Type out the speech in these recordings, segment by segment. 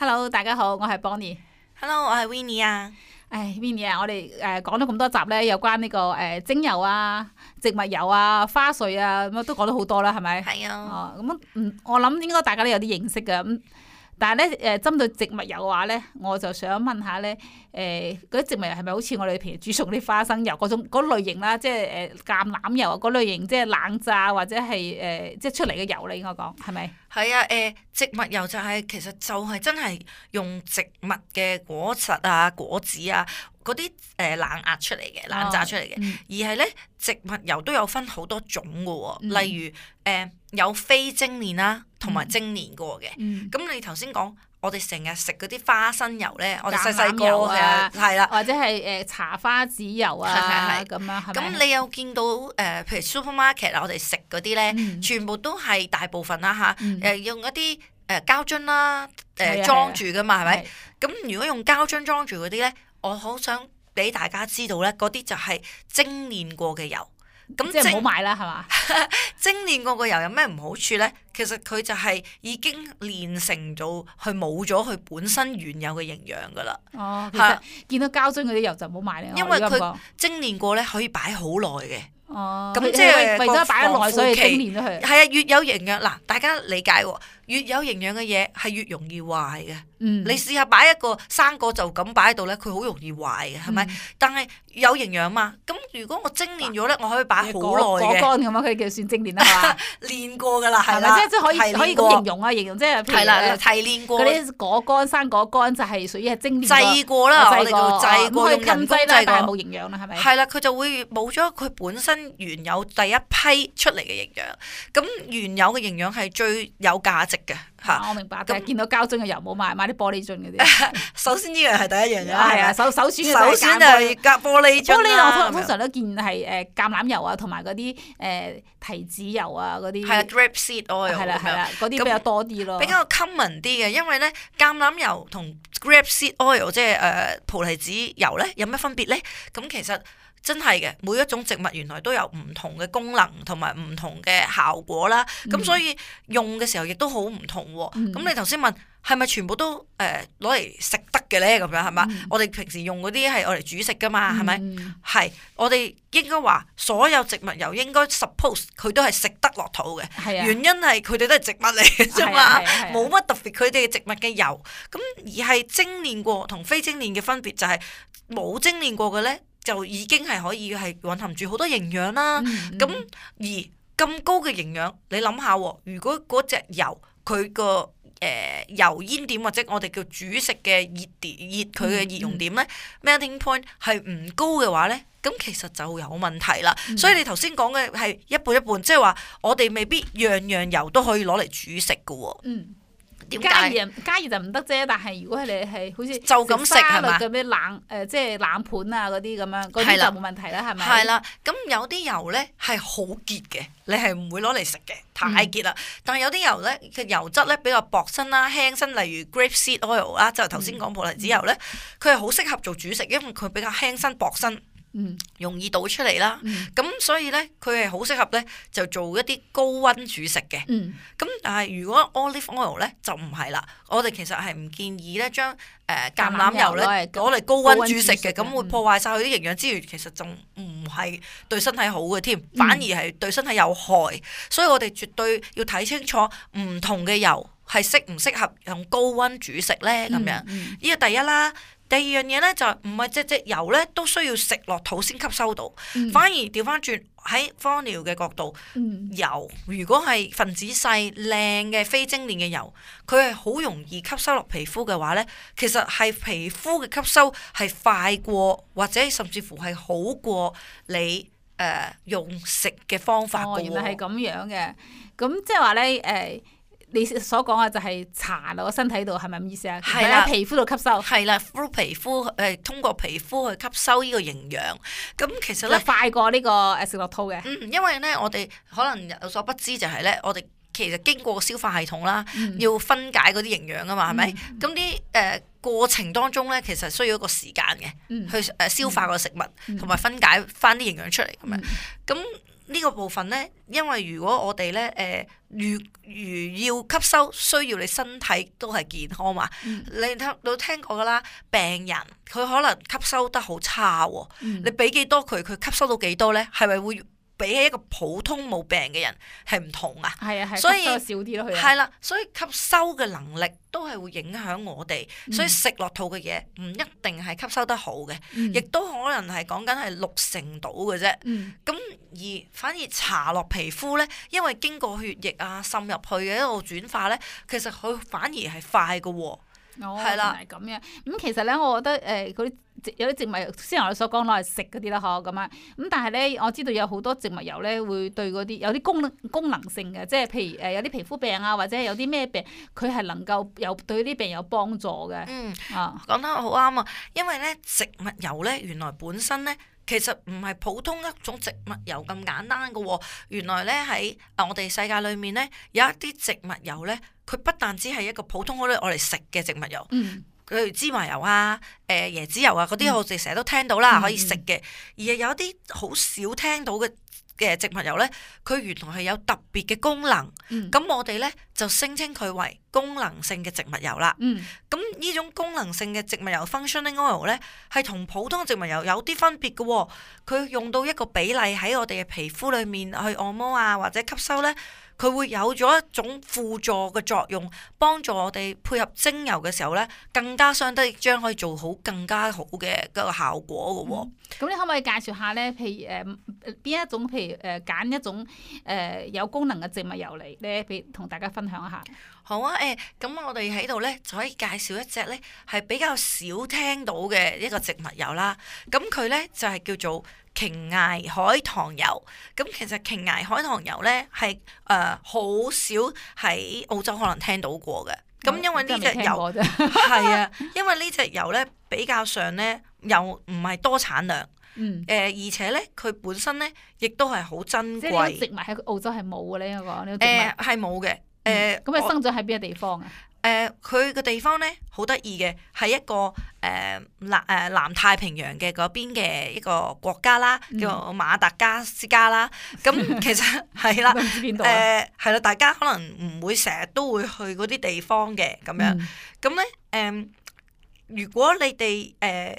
Hello，大家好，我係 Bonnie。Hello，我係 Winnie 啊。唉，Winnie 啊，nie, 我哋誒講咗咁多集咧，有關呢個誒精油啊、植物油啊、花水啊咁都講咗好多啦，係咪 吧？係啊。哦，咁、嗯、我諗應該大家都有啲認識噶。嗯但係咧，誒針對植物油嘅話咧，我就想問下咧，誒嗰啲植物油係咪好似我哋平時煮熟啲花生油嗰種類型啦？即係誒橄欖油嗰類型，即係冷榨或者係誒、呃、即係出嚟嘅油你應該講係咪？係啊，誒、呃、植物油就係、是、其實就係真係用植物嘅果實啊、果子啊。嗰啲誒冷壓出嚟嘅冷榨出嚟嘅，而係咧，植物油都有分好多種嘅喎，例如誒有非精煉啦，同埋精煉過嘅。咁你頭先講我哋成日食嗰啲花生油咧，我哋細細個嘅係啦，或者係誒茶花籽油啊係係係，咁樣。咁你有見到誒？譬如 supermarket 嗱，我哋食嗰啲咧，全部都係大部分啦嚇，誒用一啲誒膠樽啦誒裝住㗎嘛，係咪？咁如果用膠樽裝住嗰啲咧？我好想俾大家知道咧，嗰啲就係精煉過嘅油，咁即係唔好買啦，係嘛？ 精煉過嘅油有咩唔好處咧？其實佢就係已經煉成咗，佢冇咗佢本身原有嘅營養噶啦。哦，是見到膠樽嗰啲油就唔好買咧，因為佢精煉過咧，可以擺好耐嘅。哦，咁即係為咗擺得耐，所以精煉咗佢。係啊，越有營養嗱，大家理解喎、哦。越有營養嘅嘢係越容易壞嘅。你試下擺一個生果就咁擺喺度咧，佢好容易壞嘅，係咪？但係有營養嘛。咁如果我精煉咗咧，我可以擺好耐嘅果乾咁啊。佢叫算精煉啦，係嘛？練過㗎啦，係咪？即係即可以可以咁形容啊，形容即係提煉過嗰啲果乾、生果乾就係屬於係精煉過啦。我哋叫製過，用人工製過，但係冇營養啦，係咪？係啦，佢就會冇咗佢本身原有第一批出嚟嘅營養。咁原有嘅營養係最有價值。嘅嚇、啊，我明白就係見到膠樽嘅油冇買，買啲玻璃樽嗰啲。首先呢樣係第一樣嘢，係啊 吧首先首選首選就係隔玻璃樽、啊、玻璃樽我、啊、通常都見係誒橄欖油啊，同埋嗰啲誒提子油啊嗰啲。係啊，grape seed oil 係啦係啦，嗰啲比較多啲咯。比較 common 啲嘅，因為咧橄欖油同 grape seed oil 即係誒葡提子油咧有咩分別咧？咁其實。真係嘅，每一種植物原來都有唔同嘅功能同埋唔同嘅效果啦。咁、嗯、所以用嘅時候亦都好唔同、哦。咁、嗯、你頭先問係咪全部都誒攞嚟食得嘅呢？咁樣係嘛？嗯、我哋平時用嗰啲係我嚟煮食噶嘛？係咪、嗯？係我哋應該話所有植物油應該 suppose 佢都係食得落肚嘅。啊、原因係佢哋都係植物嚟嘅啫嘛，冇乜、啊啊啊啊、特別佢哋嘅植物嘅油。咁而係精煉過同非精煉嘅分別就係冇精煉過嘅呢。就已經係可以係蘊含住好多營養啦。咁、嗯嗯、而咁高嘅營養，你諗下，如果嗰隻油佢個誒油煙點或者我哋叫煮食嘅熱點熱佢嘅熱熔點呢 melting point 係唔高嘅話呢，咁其實就有問題啦。嗯、所以你頭先講嘅係一半一半，即係話我哋未必樣樣油都可以攞嚟煮食嘅喎。嗯加熱加熱就唔得啫，但係如果你係好似就咁食係咪嘅咩冷誒、呃，即係冷盤啊嗰啲咁樣，嗰啲就冇問題啦，係咪？係啦，咁有啲油咧係好結嘅，你係唔會攞嚟食嘅，太結啦。嗯、但係有啲油咧，佢油質咧比較薄身啦、輕身，例如 grape seed oil 啦，就係頭先講葡萄籽油咧，佢係好適合做主食，因為佢比較輕身薄身。容易倒出嚟啦，咁、嗯、所以呢，佢係好適合呢，就做一啲高溫煮食嘅。咁、嗯、但係如果 olive oil 呢，就唔係啦，我哋其實係唔建議將、呃、呢，將誒橄欖油呢攞嚟高溫煮食嘅，咁、嗯、會破壞晒佢啲營養之餘。其實仲唔係對身體好嘅添，反而係對身體有害。嗯、所以我哋絕對要睇清楚唔同嘅油係適唔適合用高溫煮食呢。咁樣。呢個、嗯嗯嗯、第一啦。第二樣嘢咧，就係唔係隻隻油咧都需要食落肚先吸收到，嗯、反而調翻轉，喺芳療嘅角度，嗯、油如果係分子細靚嘅非精煉嘅油，佢係好容易吸收落皮膚嘅話咧，其實係皮膚嘅吸收係快過或者甚至乎係好過你誒、呃、用食嘅方法嘅。哦、原來係咁樣嘅，咁即係話咧誒。呃你所講嘅就係搽落個身體度，係咪咁意思啊？喺的皮膚度吸收。係啦，through 皮膚，誒通過皮膚去吸收呢個營養。咁其實咧，快過呢個食落肚嘅。嗯，因為咧，我哋可能有所不知，就係、是、咧，我哋其實經過消化系統啦，嗯、要分解嗰啲營養啊嘛，係咪、嗯？咁啲誒過程當中咧，其實需要一個時間嘅，嗯、去誒消化個食物，同埋、嗯、分解翻啲營養出嚟咁樣。咁、嗯嗯呢個部分呢，因為如果我哋呢，誒、呃、如如要吸收，需要你身體都係健康嘛。嗯、你聽都聽過㗎啦，病人佢可能吸收得好差喎、哦。嗯、你俾幾多佢，佢吸收到幾多呢？係咪會？比起一個普通冇病嘅人係唔同啊，的所以係啦，所以吸收嘅能力都係會影響我哋，嗯、所以食落肚嘅嘢唔一定係吸收得好嘅，嗯、亦都可能係講緊係六成度嘅啫。咁、嗯、而反而搽落皮膚呢，因為經過血液啊滲入去嘅一個轉化呢，其實佢反而係快嘅喎、啊。係啦，咁、哦、樣。咁、嗯、其實咧，我覺得誒，佢、呃、有啲植物油，先我哋所講攞嚟食嗰啲啦，嗬，咁、嗯、啊。咁但係咧，我知道有好多植物油咧，會對嗰啲有啲功能功能性嘅，即係譬如誒，有啲皮膚病啊，或者有啲咩病，佢係能夠有對啲病有幫助嘅。嗯，啊、嗯，講得好啱啊！因為咧，植物油咧，原來本身咧。其實唔係普通一種植物油咁簡單嘅喎、哦，原來咧喺啊我哋世界裏面咧，有一啲植物油咧，佢不但只係一個普通嗰啲我哋食嘅植物油，例、嗯、如芝麻油啊、誒、呃、椰子油啊嗰啲，我哋成日都聽到啦，嗯、可以食嘅，而係有一啲好少聽到嘅。嘅植物油咧，佢原來係有特別嘅功能，咁、嗯、我哋咧就聲稱佢為功能性嘅植物油啦。咁呢、嗯、種功能性嘅植物油 functioning oil 咧，係同普通植物油有啲分別嘅、哦，佢用到一個比例喺我哋嘅皮膚裏面去按摩啊，或者吸收咧。佢會有咗一種輔助嘅作用，幫助我哋配合精油嘅時候咧，更加相得益彰，可以做好更加好嘅嗰個效果嘅。咁、嗯、你可唔可以介紹下咧？譬如誒，邊一種譬如誒，揀一種誒、呃、有功能嘅植物油嚟咧？譬如同大家分享一下。好啊，誒、欸，咁我哋喺度咧，就可以介紹一隻咧，係比較少聽到嘅一個植物油啦。咁佢咧就係、是、叫做瓊崖海棠油。咁其實瓊崖海棠油咧係誒好少喺澳洲可能聽到過嘅。咁因為呢隻油係、哦、 啊，因為呢隻油咧比較上咧又唔係多產量。嗯、呃。而且咧佢本身咧亦都係好珍貴。即係植物喺澳洲係冇嘅呢、呢個植物。誒係冇嘅。誒，咁佢生長喺邊個地方啊？誒，佢嘅地方咧，好得意嘅，係一個誒南誒南太平洋嘅嗰邊嘅一個國家啦，嗯、叫馬達加斯加啦。咁其實係啦，誒係啦，大家可能唔會成日都會去嗰啲地方嘅咁樣。咁寫咧的，誒、嗯嗯，如果你哋誒、uh,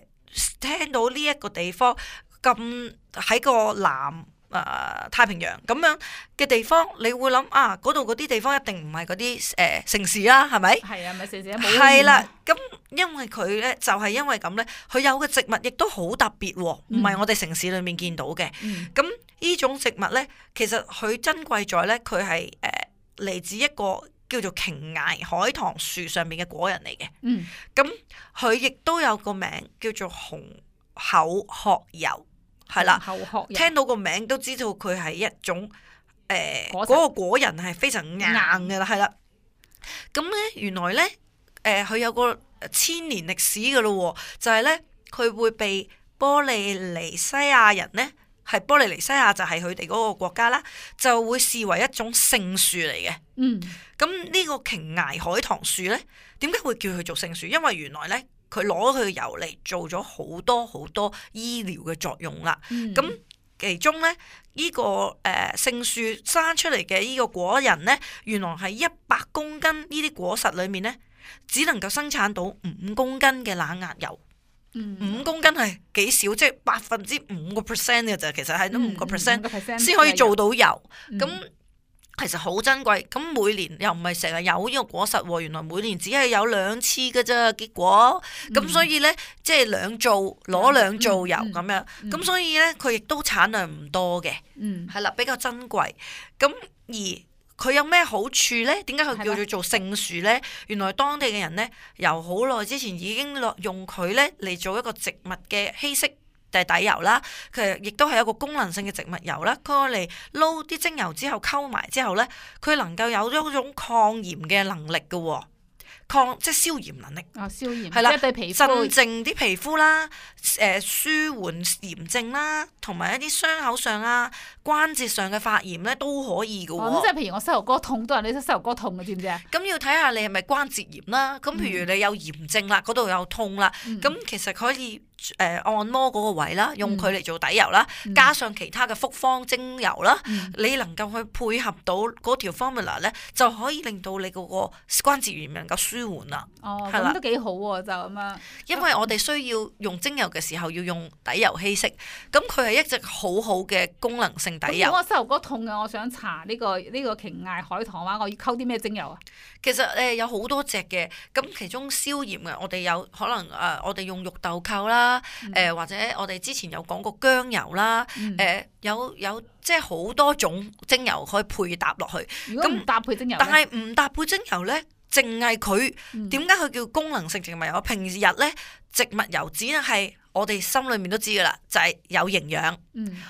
聽到呢一個地方咁喺個南。啊、呃，太平洋咁樣嘅地方，你會諗啊，嗰度嗰啲地方一定唔係嗰啲誒城市啦，係咪？係啊，咪城市係啦，咁因為佢咧就係、是、因為咁咧，佢有嘅植物亦都好特別，唔係我哋城市裏面見到嘅。咁呢、嗯、種植物咧，其實佢珍貴在咧，佢係誒嚟自一個叫做瓊崖海棠樹上面嘅果仁嚟嘅。嗯，咁佢亦都有個名叫做紅口殼油。係啦，聽到個名都知道佢係一種誒，嗰個果仁係非常硬嘅啦，係啦。咁咧原來咧，誒、呃、佢有個千年歷史嘅咯喎，就係咧佢會被波利尼西亞人咧，係波利尼西亞就係佢哋嗰個國家啦，就會視為一種聖樹嚟嘅。嗯，咁呢個瓊崖海棠樹咧，點解會叫佢做聖樹？因為原來咧。佢攞佢嘅油嚟做咗好多好多醫療嘅作用啦。咁、嗯、其中咧，呢、這個誒聖樹生出嚟嘅呢個果仁咧，原來係一百公斤呢啲果實裏面咧，只能夠生產到五公斤嘅冷壓油。五、嗯、公斤係幾少？即係百分之五個 percent 嘅咋？其實係都五個 percent 先可以做到油咁。嗯嗯其實好珍貴，咁每年又唔係成日有呢個果實喎，原來每年只係有兩次嘅啫，結果，咁、嗯、所以咧，即係兩造攞兩造油咁樣，咁、嗯嗯嗯、所以咧，佢亦都產量唔多嘅，嗯，係啦，比較珍貴，咁而佢有咩好處咧？點解佢叫做做聖樹咧？吧原來當地嘅人咧，由好耐之前已經落用佢咧嚟做一個植物嘅稀釋。底，底油啦，其實亦都係一個功能性嘅植物油啦。佢嚟撈啲精油之後溝埋之後咧，佢能夠有咗一種抗炎嘅能力嘅喎、哦，抗即係消炎能力。哦、消炎。係啦，鎮靜啲皮膚啦，誒、呃、舒緩炎症啦，同埋一啲傷口上啊、關節上嘅發炎咧都可以嘅喎、哦哦。即係譬如我膝頭哥痛，人都係你膝頭哥痛嘅，知唔知啊？咁、嗯、要睇下你係咪關節炎啦。咁譬如你有炎症啦，嗰度有痛啦，咁、嗯、其實可以。誒、呃，按摩嗰個位啦，用佢嚟做底油啦，嗯、加上其他嘅複方精油啦，嗯、你能夠去配合到嗰條 formula 咧，就可以令到你嗰個關節炎能夠舒緩、哦、啦。哦，咁都幾好喎、啊，就咁樣。因為我哋需要用精油嘅時候，要用底油稀釋。咁佢係一隻好好嘅功能性底油。如果、嗯嗯呃、我膝頭哥痛嘅，我想查呢個呢個瓊崖海棠嘅話，我要溝啲咩精油啊？其實誒有好多隻嘅，咁其中消炎嘅，我哋有可能誒，我哋用肉豆蔻啦。誒、嗯、或者我哋之前有講過薑油啦，誒、嗯呃、有有即係好多種精油可以配搭落去。如果唔搭配精油，但係唔搭配精油咧，淨係佢點解佢叫功能性植物油。平日咧，植物油脂係我哋心裏面都知噶啦，就係、是、有營養，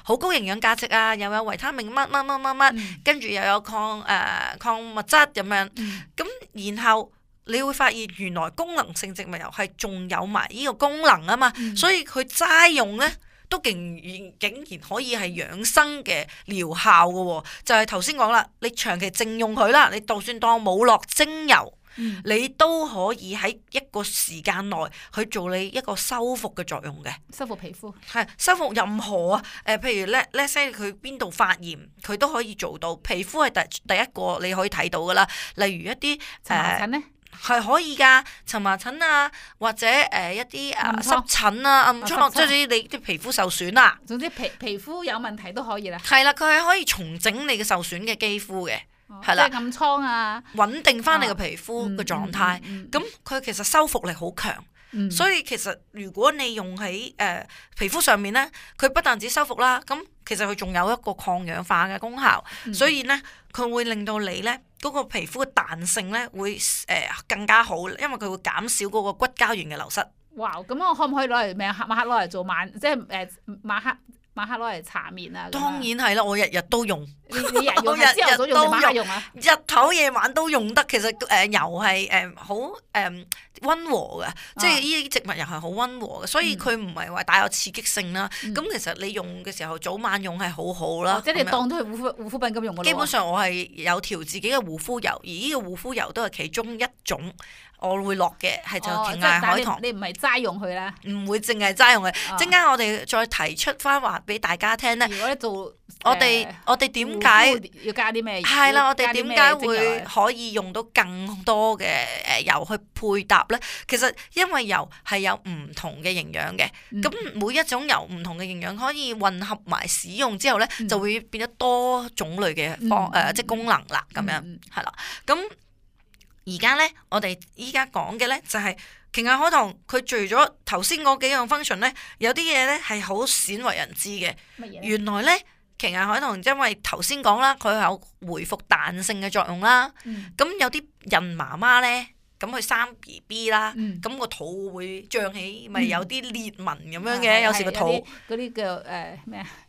好、嗯、高營養價值啊，又有維他命乜乜乜乜乜，嗯、跟住又有抗誒礦、呃、物質咁樣，咁、嗯嗯、然後。你會發現原來功能性植物油係仲有埋呢個功能啊嘛，嗯、所以佢齋用咧都竟然竟然可以係養生嘅療效嘅喎、哦，就係頭先講啦，你長期正用佢啦，你就算當冇落精油，嗯、你都可以喺一個時間內去做你一個修復嘅作用嘅。修復皮膚係修復任何誒、呃，譬如咧咧聲，佢邊度發炎，佢都可以做到。皮膚係第第一個你可以睇到㗎啦，例如一啲誒。呃係可以噶，蕁麻疹啊，或者誒、呃、一啲誒濕疹啊，暗、嗯、瘡，即係疹你啲皮膚受損啦、啊。總之皮皮膚有問題都可以啦。係啦，佢係可以重整你嘅受損嘅肌膚嘅，係啦、哦。了即係暗瘡啊。穩定翻你嘅皮膚嘅狀態，咁佢、啊嗯嗯嗯嗯、其實修復力好強，嗯、所以其實如果你用喺誒皮膚上面咧，佢、呃、不但止修復啦，咁其實佢仲有一個抗氧化嘅功效，嗯、所以咧佢會令到你咧。嗰個皮膚嘅彈性咧會誒、呃、更加好，因為佢會減少嗰個骨膠原嘅流失。哇！咁我可唔可以攞嚟咩啊？晚黑攞嚟做晚即係誒晚黑。呃晚黑攞嚟搽面啊！當然係啦，我日日都用， 日日都用， 日頭夜晚都用。日頭夜晚都用得，其實誒油係誒好誒溫和嘅，啊、即係呢啲植物油係好溫和嘅，所以佢唔係話帶有刺激性啦。咁、嗯、其實你用嘅時候，早晚用係好好啦、啊。即係你當都係護膚護膚品咁用嘅。基本上我係有調自己嘅護膚油，而呢個護膚油都係其中一種。我會落嘅，係就瓊崖海棠。你唔係齋用佢啦。唔會淨係齋用佢。陣間我哋再提出翻話俾大家聽咧。如果做我哋，我哋點解要加啲咩？係啦，我哋點解會可以用到更多嘅誒油去配搭咧？其實因為油係有唔同嘅營養嘅，咁每一種油唔同嘅營養可以混合埋使用之後咧，就會變得多種類嘅方誒，即係功能啦。咁樣係啦，咁。而家咧，我哋依家講嘅咧就係瓊崖海棠。佢除咗頭先嗰幾樣 function 咧，有啲嘢咧係好鮮為人知嘅。呢原來咧，瓊崖海棠因為頭先講啦，佢有回復彈性嘅作用啦。嗯。咁有啲孕媽媽咧，咁佢生 B B 啦，咁、嗯、個肚會脹起，咪、嗯、有啲裂紋咁樣嘅，嗯、有時個肚嗰啲叫誒咩啊？嗯嗯嗯。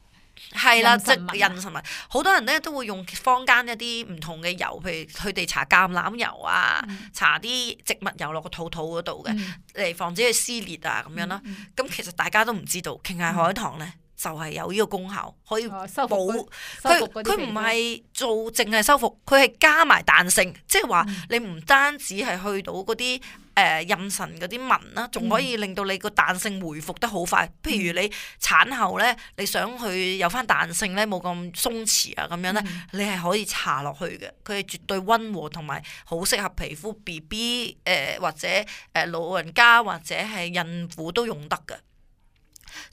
係啦，即係妊娠紋，好多人咧都會用坊間一啲唔同嘅油，譬如佢哋搽橄欖油啊，搽啲、嗯、植物油落個肚肚嗰度嘅，嚟、嗯、防止佢撕裂啊咁樣咯。咁、嗯、其實大家都唔知道，瓊崖、嗯、海棠咧。就係有呢個功效，可以補、哦、修補佢，佢唔係做淨係修復，佢係加埋彈性，即係話你唔單止係去到嗰啲誒妊娠嗰啲紋啦，仲、呃、可以令到你個彈性回復得好快。嗯、譬如你產後咧，你想去有翻彈性咧，冇咁鬆弛啊咁樣咧，嗯、你係可以搽落去嘅。佢係絕對溫和同埋好適合皮膚 B B 誒、或者誒、呃、老人家或者係孕婦都用得嘅。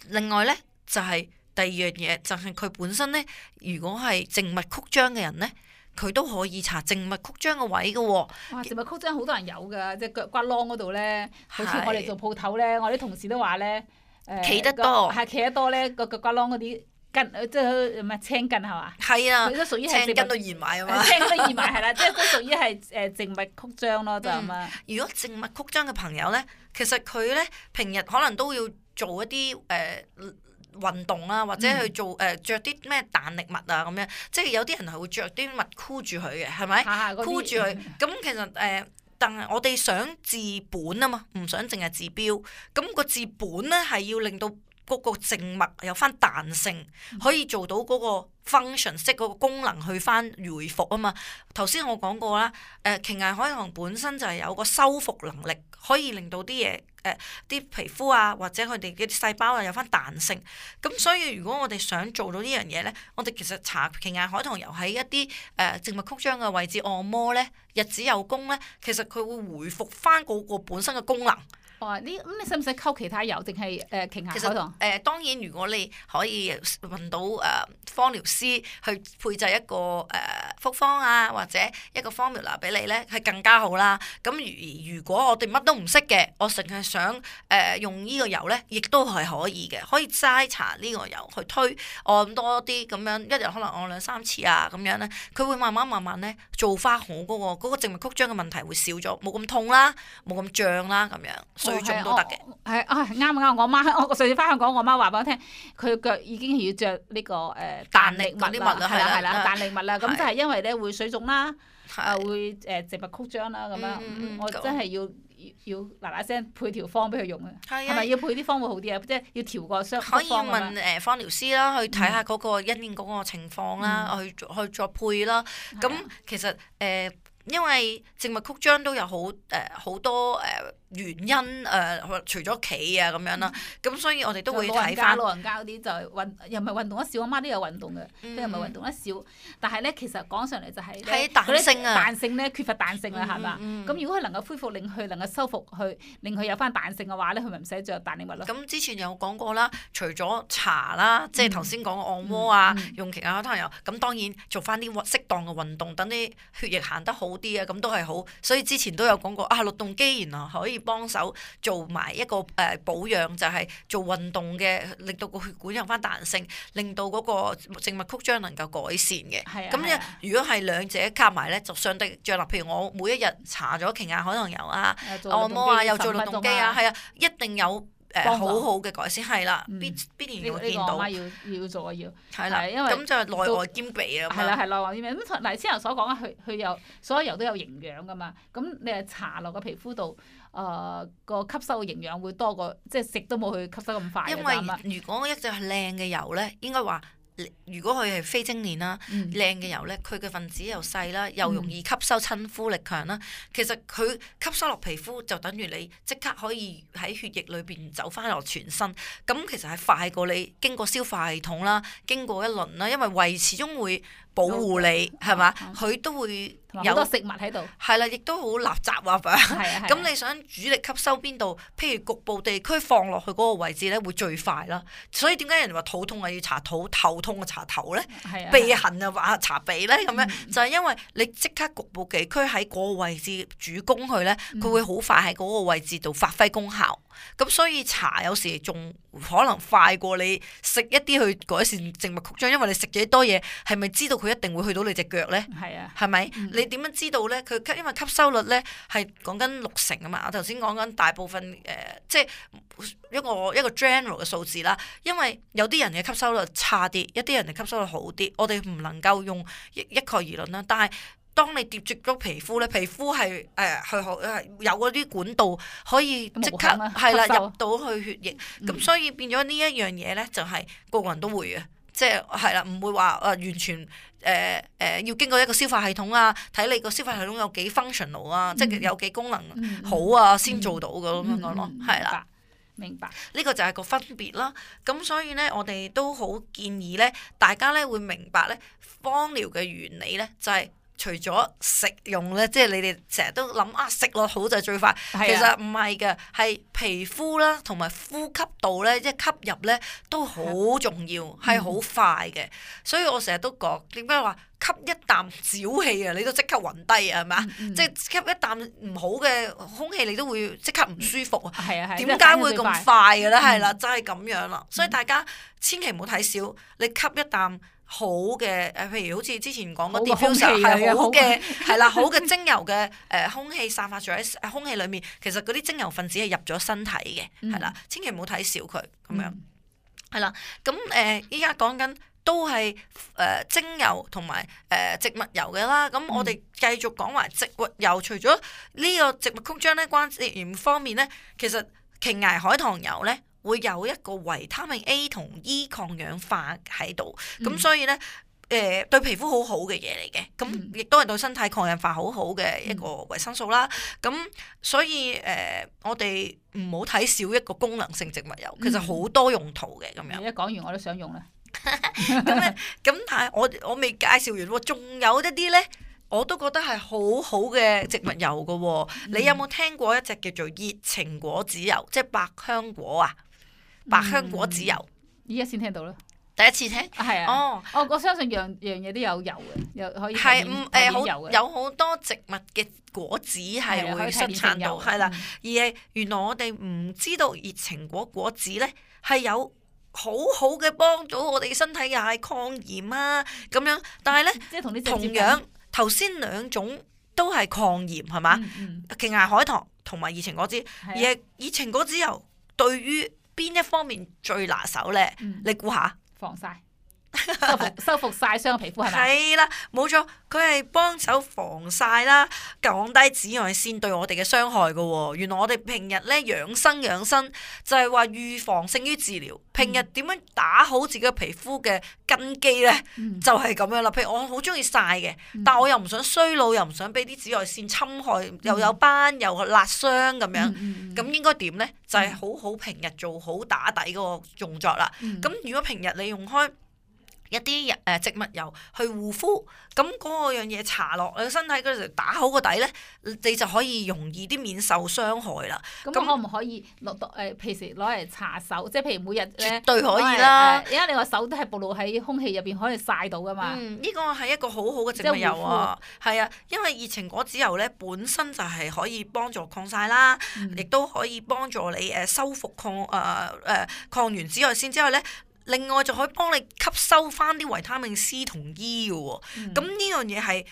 另外咧。就係第二樣嘢，就係、是、佢本身咧。如果係靜脈曲張嘅人咧，佢都可以查靜脈曲張嘅位嘅、哦。哇！靜脈曲張好多人有㗎，即係腳骨窿嗰度咧。好似我哋做鋪頭咧，我啲同事都話咧，呃、企得多，係企得多咧，個腳骨窿嗰啲筋，即係唔係青筋係嘛？係啊，佢都屬於係青筋都淤埋啊嘛，青筋都淤埋係啦，即係都屬於係誒靜脈曲張咯，就咁、是、啦、嗯。如果靜脈曲張嘅朋友咧，其實佢咧平日可能都要做一啲誒。呃 uh, 運動啊，或者去做誒，著啲咩彈力襪啊，咁樣，即係有啲人係會着啲襪箍住佢嘅，係咪？箍住佢，咁其實誒、呃，但係我哋想治本啊嘛，唔想淨係治標。咁、那個治本咧，係要令到嗰個靜脈有翻彈性，嗯、可以做到嗰個 function 即係嗰個功能去翻回復啊嘛。頭先我講過啦，誒瓊崖海棠本身就係有個修復能力，可以令到啲嘢。啲皮膚啊，或者佢哋嘅啲細胞啊，有翻彈性。咁所以如果我哋想做到呢樣嘢咧，我哋其實搽瓊崖海棠油喺一啲誒靜脈曲張嘅位置按摩咧，日子有功咧，其實佢會回復翻個個本身嘅功能。哇、哦！你咁你使唔使溝其他油，定係誒瓊崖海棠？誒、呃，當然，如果你可以搵到誒芳療師去配製一個誒。呃復方啊，或者一個 formula 俾你咧，係更加好啦。咁如果我哋乜都唔識嘅，我成日想誒、呃、用呢個油咧，亦都係可以嘅。可以齋搽呢個油去推按多啲咁樣，一日可能按兩三次啊咁樣咧，佢會慢慢慢慢咧做翻好嗰個嗰個植物曲張嘅問題會少咗，冇咁痛啦，冇咁脹啦咁樣，水腫都得嘅。係啊、哦，啱啱！我媽、哎，我上次翻香港，我媽話俾我聽，佢腳已經要着呢、這個誒彈、呃、力物啦，係啦係啦，彈力物啦，咁就係因。因為咧會水腫啦，啊會誒靜脈曲張啦咁、嗯、樣，我真係要、嗯、要嗱嗱聲配條方俾佢用啊，係咪要配啲方會好啲啊？即係要調個雙方啊。可以問誒芳療師啦，嗯、去睇下嗰個因應嗰個情況啦，嗯、去去再配啦。咁、啊、其實誒、呃，因為靜脈曲張都有好誒好、呃、多誒。呃原因誒、呃，除咗企啊咁樣啦，咁、mm hmm. 嗯、所以我哋都會睇翻老人家嗰啲就運又唔係運動得少，阿媽，媽都有運動嘅，即又唔係運動得少。但係咧，其實講上嚟就係、是、彈性、啊、彈性咧缺乏彈性啦，係嘛、mm？咁、hmm. 如果佢能夠恢復令佢能夠修復去令佢有翻彈性嘅話咧，佢咪唔使著彈力物咯。咁、嗯嗯嗯、之前有講過啦，除咗茶啦，即係頭先講嘅按摩啊，用其他嗰啲朋咁當然、嗯、當然做翻啲適當嘅運動，等啲血液行得好啲啊，咁都係好。所以之前都有講過啊，律動機原來可以。幫手做埋一個誒保養，就係、是、做運動嘅，令到個血管有翻彈性，令到嗰個靜脈曲張能夠改善嘅。咁樣、啊、如果係兩者夾埋咧，就相得益彰。譬如我每一日搽咗瓊崖海棠油啊，按摩啊，又做律動機啊，係啊，一定有。誒、呃、好好嘅改善係啦，嗯、必必然會呢、這個、這個、要要做啊，要係啦，因為咁就內外兼備啊嘛。係啦，係內外兼備。咁嗱，先頭所講啊，佢佢有，所有油都有營養噶嘛。咁你係搽落個皮膚度，誒、呃、個吸收嘅營養會多過，即係食都冇去吸收咁快。因為如果一隻係靚嘅油咧，應該話。如果佢係非精煉啦，靚嘅、嗯、油咧，佢嘅分子又細啦，又容易吸收，親膚力強啦。嗯、其實佢吸收落皮膚就等於你即刻可以喺血液裏邊走翻落全身。咁其實係快過你經過消化系統啦，經過一輪啦，因為胃始終會保護你，係嘛？佢都會。有好多食物喺度，係啦，亦都好垃圾啊！咁 的你想主力吸收邊度？譬如局部地區放落去嗰個位置咧，會最快啦。所以點解人哋話肚痛啊要搽肚，痛頭痛啊搽頭咧，的痕鼻痕啊話搽鼻咧咁樣？嗯、就係因為你即刻局部地區喺嗰個位置主攻佢咧，佢會好快喺嗰個位置度發揮功效。嗯嗯咁所以茶有時仲可能快過你食一啲，去改善靜脈曲張，因為你食幾多嘢，係咪知道佢一定會去到你隻腳呢？係啊，係咪？你點樣知道呢？佢吸，因為吸收率呢，係講緊六成啊嘛。我頭先講緊大部分誒、呃，即係一個一個 general 嘅數字啦。因為有啲人嘅吸收率差啲，一啲人嘅吸收率好啲。我哋唔能夠用一,一概而論啦。但係。當你疊絕咗皮膚咧，皮膚係誒去好係有嗰啲管道可以即刻係啦入到去血液，咁、嗯、所以變咗呢一樣嘢咧、就是，就係個個人都會嘅，即係係啦，唔會話誒完全誒誒、呃呃、要經過一個消化系統啊，睇你個消化系統有幾 functional 啊、嗯，即係有幾功能好啊，先、嗯、做到嘅咁樣咯，係啦、嗯，等等明白，呢的白個就係個分別啦。咁所以咧，我哋都好建議咧，大家咧會明白咧，芳療嘅原理咧就係、就。是除咗食用咧，即係你哋成日都諗啊，食落好就最快。啊、其實唔係嘅，係皮膚啦，同埋呼吸道咧，即係吸入咧，都好重要，係好吧快嘅。所以我成日都講點解話吸一啖沼氣啊，你都即刻暈低啊，係咪啊？即係吸一啖唔好嘅空氣，你都，即、啊、即你都會即刻唔舒服啊。係點解會咁快嘅咧？係啦、啊啊，就係、係、咁樣啦。所以大家千祈唔好睇小，你吸一啖。好嘅，誒，譬如好似之前講嗰啲香草係好嘅，係啦，好嘅精油嘅誒空氣散發咗喺空氣裏面， 其實嗰啲精油分子係入咗身體嘅，係啦、嗯，千祈唔好睇少佢咁樣，係啦、嗯，咁誒依家講緊都係誒精油同埋誒植物油嘅啦，咁我哋繼續講埋植物油，嗯、除咗呢個植物曲張咧關節炎方面咧，其實瓊崖海棠油咧。會有一個維他命 A 同 E 抗氧化喺度，咁、嗯、所以咧，誒、呃、對皮膚好好嘅嘢嚟嘅，咁亦、嗯、都係對身體抗氧化好好嘅一個維生素啦。咁、嗯、所以誒、呃，我哋唔好睇少一個功能性植物油，嗯、其實好多用途嘅咁樣。一講完我都想用啦。咁樣， 咁但係我我未介紹完，仲有一啲咧，我都覺得係好好嘅植物油噶、哦。嗯、你有冇聽過一隻叫做熱情果籽油，即係百香果啊？白香果籽油，依家先聽到咯，第一次聽啊，係啊，哦，我我相信樣樣嘢都有油嘅，有可以係唔誒好有好多植物嘅果子係會生產到係啦，啊啊嗯、而係原來我哋唔知道熱情果果子咧係有好好嘅幫到我哋身體，又係抗炎啊咁樣，但係咧、嗯，即係同啲同樣頭先兩種都係抗炎係嘛？瓊崖、嗯嗯、海棠同埋熱情果子，啊、而係熱情果籽油對於，邊一方面最拿手咧？嗯、你估下？防曬，修復修復曬傷嘅皮膚係咪？係啦 嗎，冇錯，佢係。手防曬啦，降低紫外線對我哋嘅傷害㗎喎。原來我哋平日咧養生養生，就係話預防勝於治療。嗯、平日點樣打好自己嘅皮膚嘅根基咧？嗯、就係咁樣啦。譬如我好中意晒嘅，嗯、但我又唔想衰老，又唔想俾啲紫外線侵害，又有斑又辣傷咁樣。咁、嗯嗯、應該點咧？就係、是、好好平日做好打底嗰個用作啦。咁、嗯、如果平日你用開，一啲誒植物油去護膚，咁嗰樣嘢搽落你身體嗰陣打好個底咧，你就可以容易啲免受傷害啦。咁可唔可以落到誒？平時攞嚟搽手，即係譬如每日咧，絕對可以啦。呃、因為你個手都係暴露喺空氣入邊，可以晒到噶嘛。嗯，呢個係一個好好嘅植物油啊。係啊，因為熱情果籽油咧本身就係可以幫助抗晒啦，亦都、嗯、可以幫助你誒修復抗誒誒抗原之外，線之外，先之後咧。另外就可以幫你吸收翻啲維他命 C 同 E 嘅喎，咁呢、嗯、樣嘢係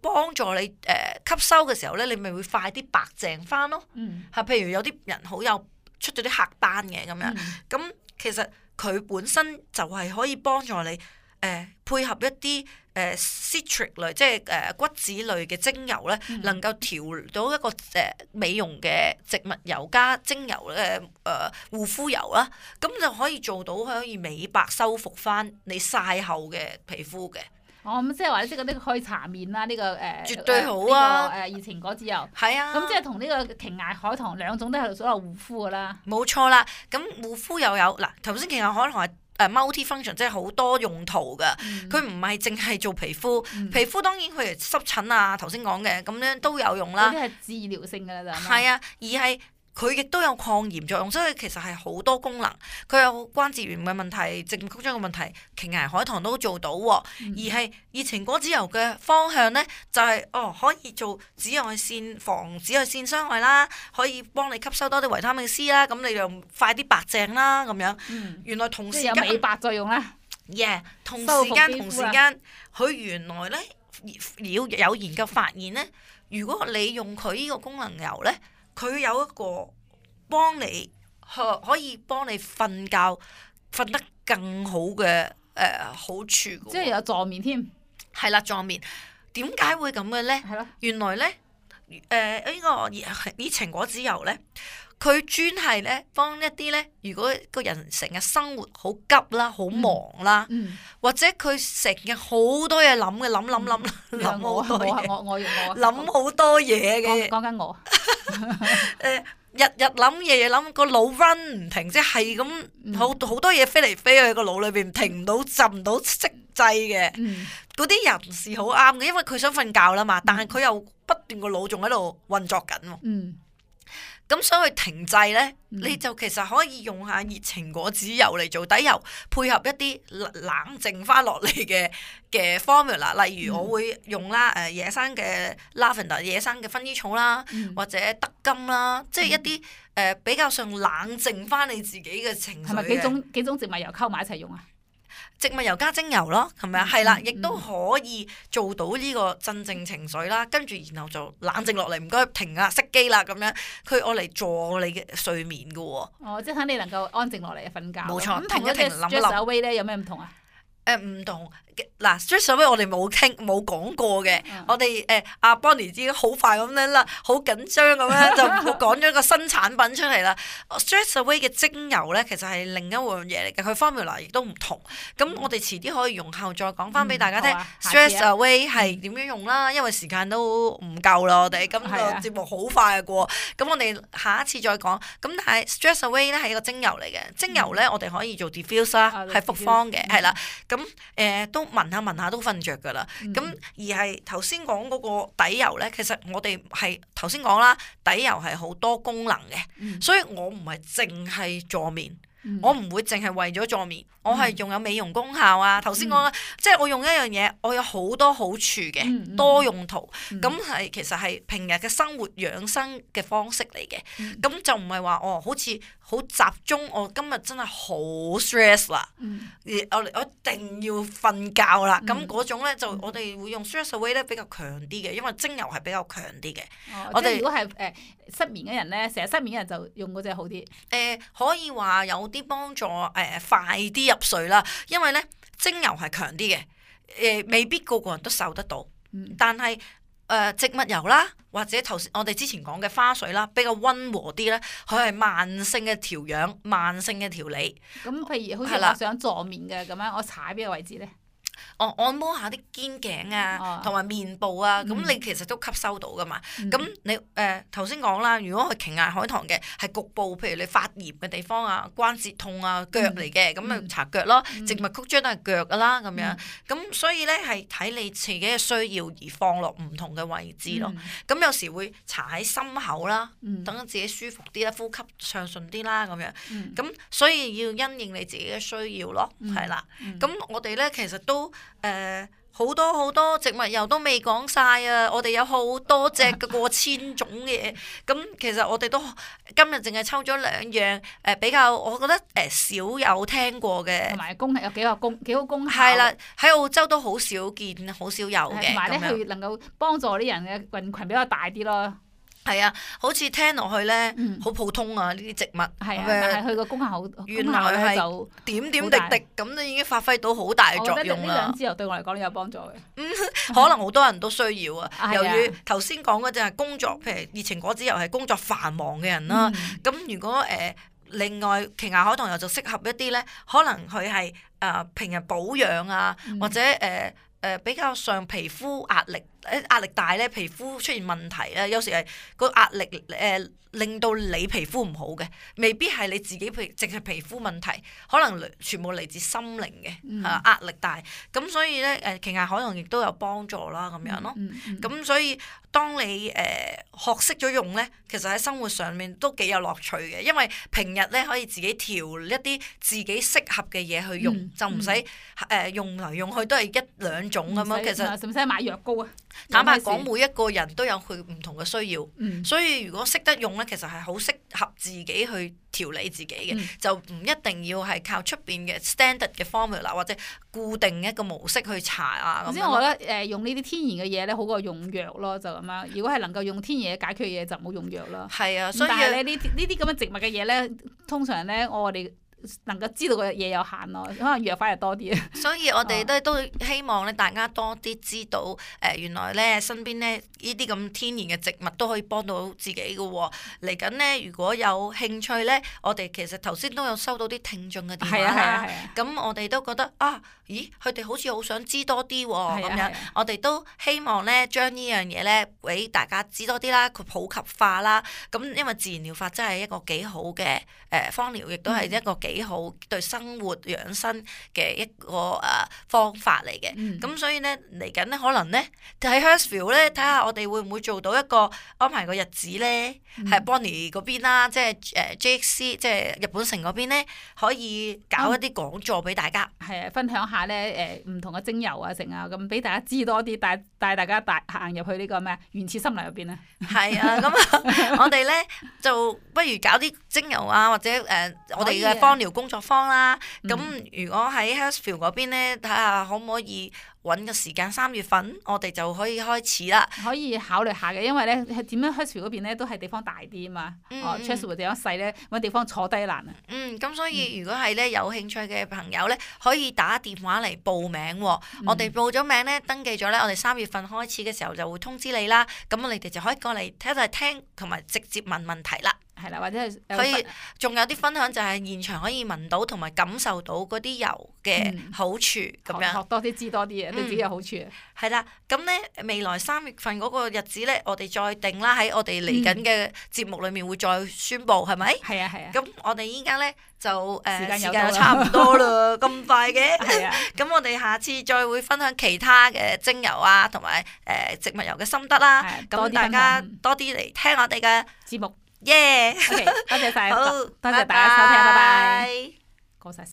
幫助你誒、呃、吸收嘅時候咧，你咪會快啲白淨翻咯。係、嗯、譬如有啲人好有出咗啲黑斑嘅咁樣，咁、嗯、其實佢本身就係可以幫助你誒、呃、配合一啲。誒、呃、citric 類即係誒、呃、骨子類嘅精油咧，嗯、能夠調到一個誒、呃、美容嘅植物油加精油咧誒、呃、護膚油啦、啊，咁就可以做到可以美白修復翻你曬後嘅皮膚嘅。哦，咁、嗯、即係話即係嗰啲可以搽面啦，呢、這個誒，呢、呃啊呃這個誒熱、呃、情果籽油。係是啊。咁即係同呢個瓊崖海棠兩種都係屬於護膚噶啦。冇錯啦，咁護膚又有嗱，頭先瓊崖海棠係。誒、uh, multi-function 即係好多用途嘅，佢唔係淨係做皮膚，嗯、皮膚當然佢濕疹啊，頭先講嘅咁樣都有用啦。佢係治療性㗎啦，係。係 啊，而係。佢亦都有抗炎作用，所以其實係好多功能。佢有關節炎嘅問題，靜脈曲張嘅問題，瓊崖海棠都做到。哦，嗯、而係熱情果籽油嘅方向呢就係、是、哦可以做紫外線防紫外線傷害啦，可以幫你吸收多啲維他命 c 啦，咁你就快啲白淨啦，咁樣、嗯、原來同時有美白作用啦、耶、同時間、啊、同時間，佢原來呢，要有研究發現呢，如果你用佢呢個功能油呢佢有一個幫你可可以幫你瞓覺瞓得更好嘅誒、呃、好處，即係有助眠添，係啦，助眠。點解會咁嘅咧？係咯，原來咧，誒、呃、呢、呢個熱熱情果籽油咧。佢專係咧幫一啲咧，如果個人成日生活好急啦，好忙啦，或者佢成日好多嘢諗嘅，諗諗諗諗好多嘢諗好多嘢嘅。講緊我。日日諗夜夜諗個腦 run 唔停，即係咁，好好多嘢飛嚟飛去個腦裏邊，停唔到，浸唔到，熄掣嘅。嗰啲人士好啱嘅，因為佢想瞓覺啦嘛，但係佢又不斷個腦仲喺度運作緊。咁想去停滯呢，你就其實可以用下熱情果籽油嚟做底油，配合一啲冷靜翻落嚟嘅嘅 formula，例如我會用啦，誒、呃、野生嘅 lavender 野生嘅薰衣草啦，嗯、或者德金啦，即係一啲誒、呃、比較上冷靜翻你自己嘅情緒。係咪幾種，幾種植物油溝埋一齊用啊？植物油加精油咯，係咪啊？係、嗯、啦，亦都可以做到呢個鎮靜情緒啦。跟住然後就冷靜落嚟，唔該停啦，熄機啦咁樣。佢攞嚟助你嘅睡眠嘅喎。哦，即係肯你能夠安靜落嚟瞓覺。冇錯，樣停一停諗一諗。w 咧有咩唔同啊？誒唔、呃、同。嗱，stress away 我哋冇傾冇講過嘅，我哋誒阿 Bonnie 知好快咁樣啦，好緊張咁樣就我講咗個新產品出嚟啦。stress away 嘅精油咧，其實係另一樣嘢嚟嘅，佢 formula 亦都唔同。咁我哋遲啲可以用後再講翻俾大家聽，stress away 係點樣用啦，因為時間都唔夠啦，我哋咁個節目好快過。咁我哋下一次再講。咁但係 stress away 咧係一個精油嚟嘅，精油咧我哋可以做 diffuser 係複方嘅，係啦。咁誒都。聞下聞下都瞓着噶啦，咁而係頭先講嗰個底油咧，其實我哋係頭先講啦，底油係好多功能嘅，所以我唔係淨係助眠，我唔會淨係為咗助眠，我係用有美容功效啊。頭先講啦，即係我用一樣嘢，我有好多好處嘅，多用途，咁係其實係平日嘅生活養生嘅方式嚟嘅，咁就唔係話哦好似。好集中，我今日真係好 stress 啦，我、嗯、我一定要瞓覺啦。咁嗰、嗯、種咧就我哋會用 stress away 咧比較強啲嘅，因為精油係比較強啲嘅。哦、我哋們如果係誒失眠嘅人咧，成日失眠嘅人就用嗰隻好啲。誒、呃、可以話有啲幫助誒、呃、快啲入睡啦，因為咧精油係強啲嘅，誒、呃、未必個個人都受得到，嗯、但係。誒、呃、植物油啦，或者頭先我哋之前講嘅花水啦，比較溫和啲咧，佢係慢性嘅調養、慢性嘅調理。咁譬如好似啦我想做面嘅咁樣，我踩邊個位置咧？按摩下啲肩頸啊，同埋面部啊，咁你其實都吸收到㗎嘛？咁你誒頭先講啦，如果係瓊崖海棠嘅，係局部，譬如你發炎嘅地方啊，關節痛啊，腳嚟嘅，咁咪搽腳咯。靜脈曲張都係腳㗎啦，咁樣。咁所以呢係睇你自己嘅需要而放落唔同嘅位置咯。咁有時會搽喺心口啦，等自己舒服啲啦，呼吸暢順啲啦，咁樣。咁所以要因應你自己嘅需要咯，係啦。咁我哋呢其實都～誒好、呃、多好多植物油都未講晒啊！我哋有好多隻過千種嘅，咁、 嗯、其實我哋都今日淨係抽咗兩樣誒、呃、比較，我覺得誒、呃、少有聽過嘅，同埋功有幾個功幾好功效。係啦，喺澳洲都好少見，好少有嘅。同埋咧，佢樣能夠幫助啲人嘅人群，群比較大啲咯。係啊，好似聽落去咧，好、嗯、普通啊！呢啲植物，但係佢個功效好，原來係點，點點滴滴咁都大已經發揮到好大嘅作用啦。我覺得呢兩支油對我嚟講都有幫助嘅、嗯。可能好多人都需要啊。 啊由於頭先講嗰陣係工作，譬如熱情果籽油係工作繁忙嘅人啦、啊。咁、嗯、如果誒、呃、另外瓊崖海棠油就適合一啲咧，可能佢係誒平日保養啊，嗯、或者誒誒、呃呃、比較上皮膚壓力。誒壓力大咧，皮膚出現問題咧，有時係個壓力誒、呃、令到你皮膚唔好嘅，未必係你自己皮淨係皮膚問題，可能全部嚟自心靈嘅，嗯、啊壓力大，咁所以咧誒其實可能亦都有幫助啦，咁樣咯。咁、嗯嗯、所以當你誒、呃、學識咗用咧，其實喺生活上面都幾有樂趣嘅，因為平日咧可以自己調一啲自己適合嘅嘢去用，嗯嗯、就唔使誒用嚟、呃、用去都係一兩種咁樣。用其實使唔使買藥膏啊？坦白講，每一個人都有佢唔同嘅需要，嗯、所以如果識得用咧，其實係好適合自己去調理自己嘅，嗯、就唔一定要係靠出邊嘅 standard 嘅 formula 或者固定一個模式去查啊。唔知樣我覺得誒、呃、用呢啲天然嘅嘢咧，好過用藥咯，就咁樣。如果係能夠用天然嘅解決嘢，就唔好用藥咯。係啊，所以咧呢呢啲咁樣植物嘅嘢咧，通常咧我哋，能夠知道嘅嘢有限咯，可能藥品又多啲， 所以我哋都都希望咧，大家多啲知道，誒、呃、原來咧身邊咧依啲咁天然嘅植物都可以幫到自己嘅喎、哦。嚟緊咧如果有興趣咧，我哋其實頭先都有收到啲聽眾嘅電話，咁、啊啊啊、我哋都覺得啊，咦佢哋好似好想知多啲喎、哦，咁樣我哋都希望咧將呢樣嘢咧俾大家知多啲啦，佢普及化啦。咁因為自然療法真係一個幾好嘅誒、呃，芳療亦都係一個幾。嗯幾好對生活養生嘅一個誒方法嚟嘅，咁、嗯、所以咧嚟緊咧可能咧喺 Hersfield 咧睇下我哋會唔會做到一個安排個日子咧，係 Bonnie 嗰邊啦，即係誒 JHC 即係日本城嗰邊咧，可以搞一啲講座俾、哦、大家，係啊，分享下咧誒唔同嘅精油啊成啊咁，俾大家知多啲，帶帶大家帶行入去呢個咩原始森林入邊啊，係啊， 咁啊，我哋咧就不如搞啲精油啊或者誒以我哋嘅聊工作坊啦，咁、嗯、如果喺 Hurstville 嗰邊咧，睇下可唔可以揾個時間三月份，我哋就可以開始啦。可以考慮下嘅，因為咧點樣 Hurstville 嗰邊咧都係地方大啲啊嘛，嗯、哦，Chatswood、嗯、會地方細咧，搵地方坐低難啊。嗯，咁所以如果係咧有興趣嘅朋友咧，可以打電話嚟報名、哦，嗯、我哋報咗名咧，登記咗咧，我哋三月份開始嘅時候就會通知你啦。咁我哋就可以過嚟睇一聽，同埋直接問問題啦。係啦，或者係可以仲有啲分享，就係現場可以聞到同埋感受到嗰啲油嘅好處咁樣，學多啲知多啲嘢對自己有好處。係啦，咁咧未來三月份嗰個日子咧，我哋再定啦，喺我哋嚟緊嘅節目裏面會再宣布，係咪？係啊，係啊。咁我哋依家咧就誒時間又差唔多啦，咁快嘅。係啊。咁我哋下次再會分享其他嘅精油啊，同埋誒植物油嘅心得啦。咁大家多啲嚟聽我哋嘅節目。耶 OK 多謝晒，好多謝大家收聽，拜拜，多謝曬。